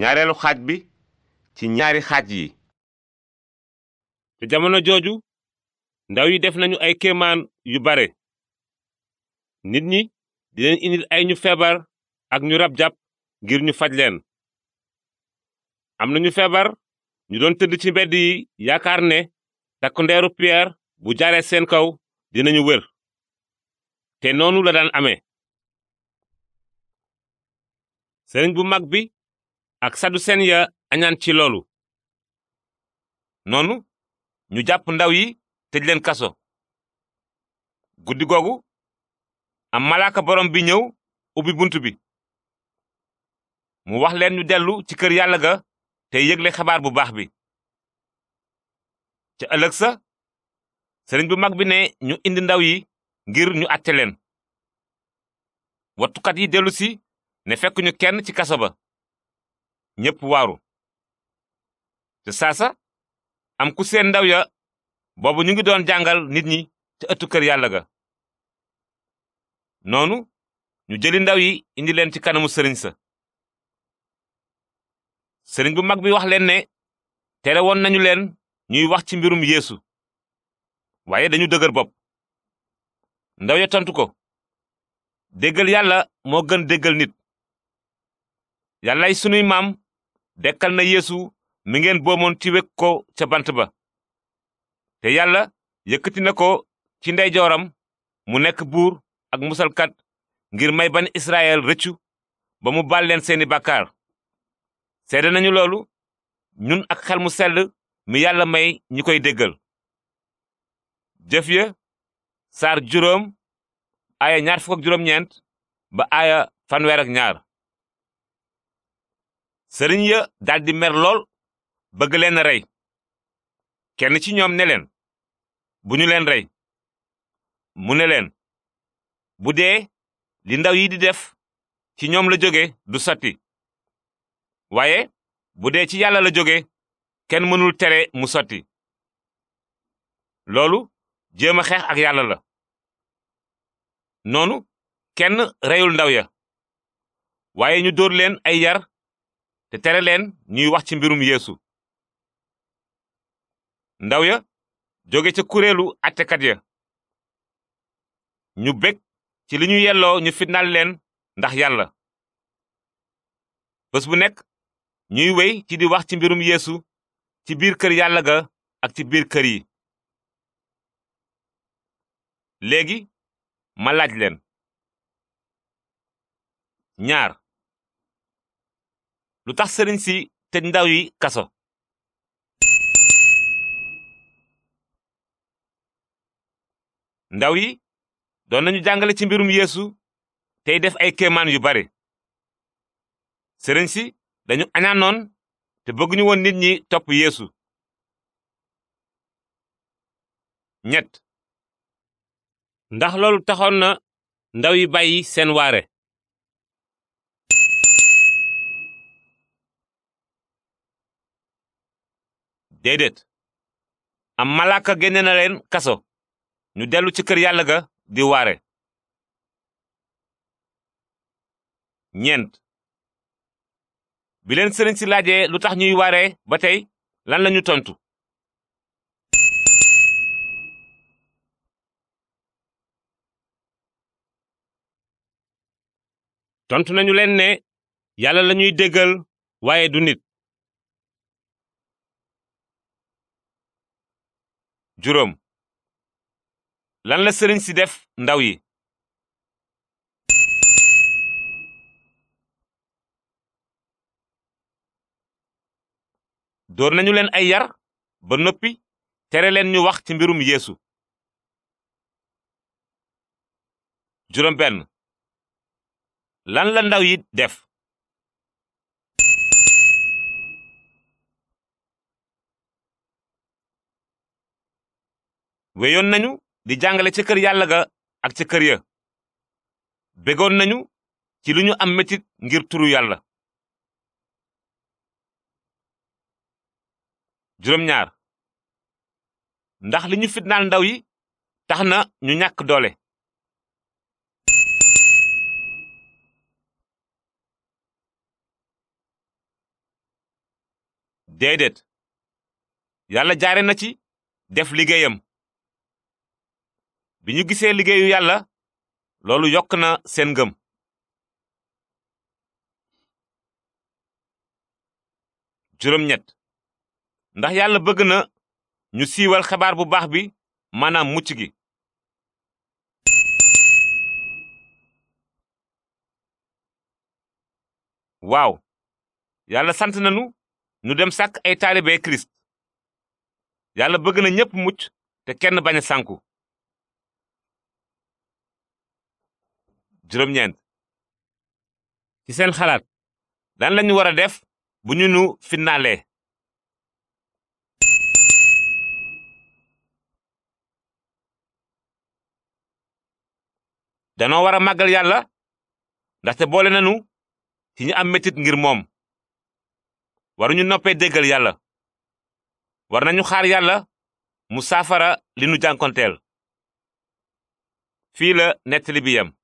ñaareelu xaaj bi ci ñaari xaaj yi te jamono jooju ndaw yi def nañu ay kéemaan yu bare nit ñi di leen indil ay ñu feebar ak ñu rab jàpp ngir ñu faj leen am na ñu feebar ñu doon tëdd ci mbedd yi yaakaar ne takku piyeer bu jaaree seen kaw dinañu wér te noonu la daan amee sëriñ bu mag bi ak sadduseen ya añaan ci loolu noonu ñu jàpp ndaw yi tëj leen kaso guddi googu am malaaka borom bi ñëw ubi bunt bi mu wax leen ñu dellu ci kër yàlla ga te yëgle xabaar bu baax bi ca ëllëg sa sëriñ bu mag bi ne ñu indi ndaw yi ngir ñu àtte leen wattukat yi dellu si ne fekk ñu kenn ci kaso ba ñépp waaru te am ku seen ndaw ya boobu ñu ngi doon jàngal nit ñi te ëttu kër yàlla ga noonu ñu jëli ndaw yi indi leen ci kanamu sëriñ sa sëriñ bu mag bi wax leen ne tere woon nañu leen ñuy wax ci mbirum yéesu waaye dañu dëgër bopp ndaw ya tontu ko déggal yàlla moo gën déggal nit yàllay sunuy maam dekkal na yéesu mi ngeen boomoon ci wek ko ca bant ba te yàlla yëkkati na ko ci ndeyjooram mu nekk buur ak musalkat ngir may ban israel rëccu ba mu baal leen seeni bàkkaar seede nañu loolu ñun ak xel mu sel mi yàlla may ñi koy déggal jëf ya saar juróom aaya ñaar fukk juróom ñeent ba aaya fanweer ak ñaar sëriñ ya daldi mer lool bëgg leen a rey kenn ci ñoom ne leen bu ñu leen rey mu ne leen bu dee li ndaw yi di def ci ñoom la jóge du sotti waaye bu dee ci yàlla la jóge kenn mënul tere mu sotti loolu jéem a xeex ak yàlla la noonu kenn reyul ndaw ya waaye ñu dóor leen ay yar te tere leen ñuy wax ci mbirum yeesu ndaw ya jóge ca kuréelu atekat ya ñu bég ci li ñu yelloo ñu fitnaal leen ndax yàlla bés bu nekk ñuy wey ci di wax ci mbirum yéesu ci biir kër yàlla ga ak ci biir kër yi léegi ma laaj leen ñaar lu tax sëriñ si tëj ndaw yi kaso ndaw yi doon nañu jàngale ci mbirum yéesu tey def ay kéemaan yu bare sëriñ si dañu añaanoon te bëgguñu woon nit ñi topp yéesu ñett ndax loolu taxoon na ndaw yi bay seen waare déedéet am malaaka na leen kaso ñu dellu ci kër yàlla ga di waare ñeent bi leen sëriñ si laajee lu tax ñuy waaree ba tey lan lañu tontu tontu nañu leen ne lañuy déggal waaye du juróom lan la sëriñ si def ndaw yi door nañu leen ay yar ba noppi tere leen ñu wax ci mbirum yéesu juróom lan la ndaw yi def weyoon nañu di jàngale ca kër yàlla ga ak ca kër ya bégoon nañu ci li ñu am metit ngir turu yàlla ndax li ñu fitnaal ndaw yi tax na ñu ñàkk doole déedéet yàlla jaare na ci def liggéeyam bi ñu gisee liggéeyu yàlla loolu yokk na seen ngëm. juróom ndax yàlla bëgg na ñu siiwal xabaar bu baax bi maanaam mucc gi. waaw yàlla sant nañu ñu dem sàkk ay taalibe Kirist yàlla bëgg na ñépp mucc te kenn bañ a sànku. juróom-ñeent ci seen xalaat lan lañu war a def bu ñu nu finnaalee danoo war a màggal yàlla ndaxte boole nanu ci am metit ngir moom waruñu noppee déggal yàlla war nañu xaar yàlla mu saafara li nu jànkonteel fii la nettali bi yem